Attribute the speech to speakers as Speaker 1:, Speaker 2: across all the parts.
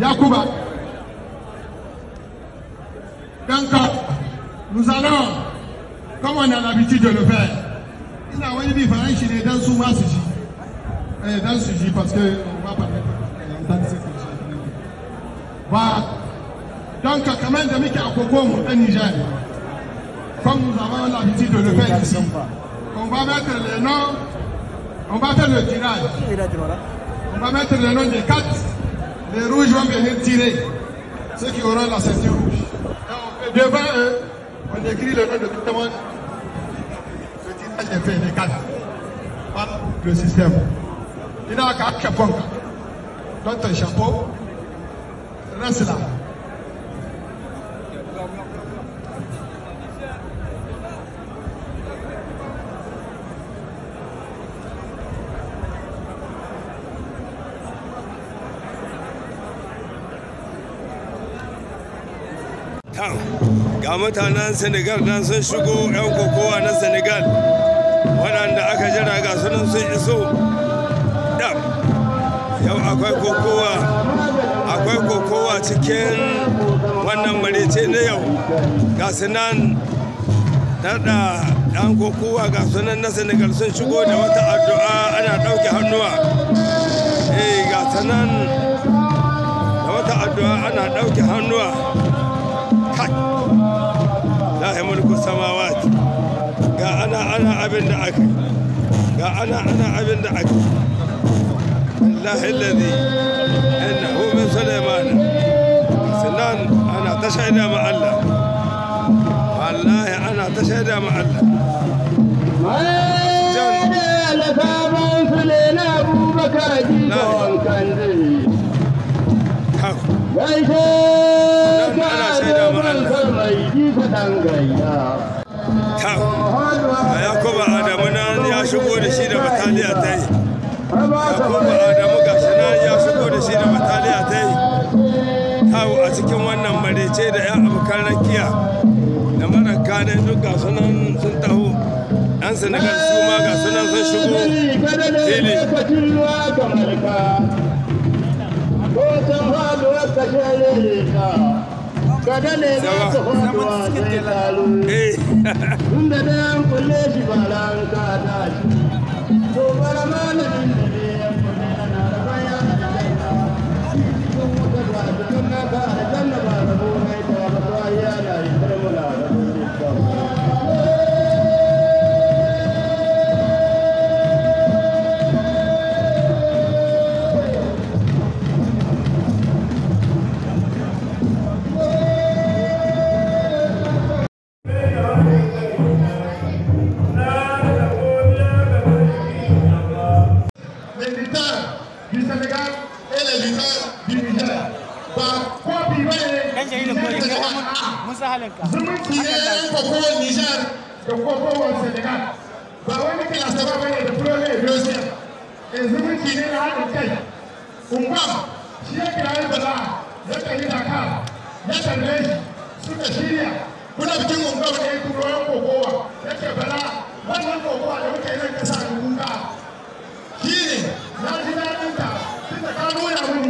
Speaker 1: Yakuba. Donc, nous allons, comme on a l'habitude de le faire, il a envoyé il est dans le eh, Dans ce sujet, parce qu'on va pas d'entendre Donc, que Voilà. Donc, quand même, Demi un Niger, comme nous avons l'habitude de le faire ici, on va mettre les noms, on va faire le tirage. On va mettre les noms des quatre les rouges vont venir tirer ceux qui auront la ceinture rouge. Et devant eux, on écrit le nom de tout le monde. Le tirage est fait légal par le système. Il a qu'à chapeau, Dans ton chapeau, reste là.
Speaker 2: kan ga mutanen senegal dan sun shigo 'yan kokowa na senegal waɗanda aka jira ga sunan sun iso dam yau akwai kokowa akwai kokowa cikin wannan marece na yau ga sunan daɗa ɗan kokowa ga sunan na senegal sun shigo da wata addu'a ana ɗauke hannuwa eh ga sunan da wata addu'a ana ɗauke hannuwa حق لا ملك السماوات يا انا انا ابن لك يا انا انا عبد لك الله الذي انه من سليمان سنان انا تشهد مع الله والله انا تشهد مع
Speaker 3: الله Thank a yakuba
Speaker 2: adamu na ya shigo da shi da bataliya ta yi yakuba adamu gashi na ya shigo da shi da bataliya ta yi tawo a cikin wannan marece da yan abokan rakiya da mara kane duk ga sunan sun taho yan sanagar su ma ga sunan sun shigo fili
Speaker 3: Ko san faduwar kashe ne ka kada ne za su faduwa sai kalu inda da yan kulle ba kofi ba ne zumunci ya da kowar senegal ba wani ne da ne na kai unguwar shi bala ya kalli daka ya suka shirya kuna bikin unguwar ne turo kokowa bala wannan kokowa da kasa da kunga shi ne na ji daɗin ta tun da ka nuna mun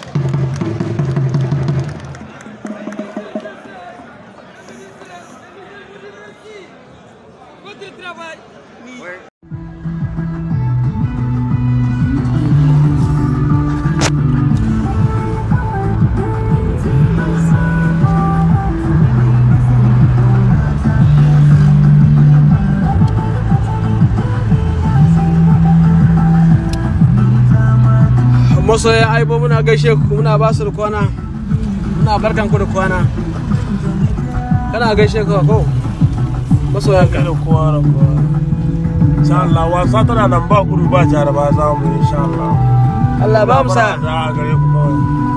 Speaker 2: masoya aibo muna gaishe ku muna ba su da kwana muna barkan ku da kwana kana gaishe ku ko masoya ka da kwana insha Allah sa tana nan ba gudu ba jaraba za mu insha Allah Allah ba mu sa da gare ku kawai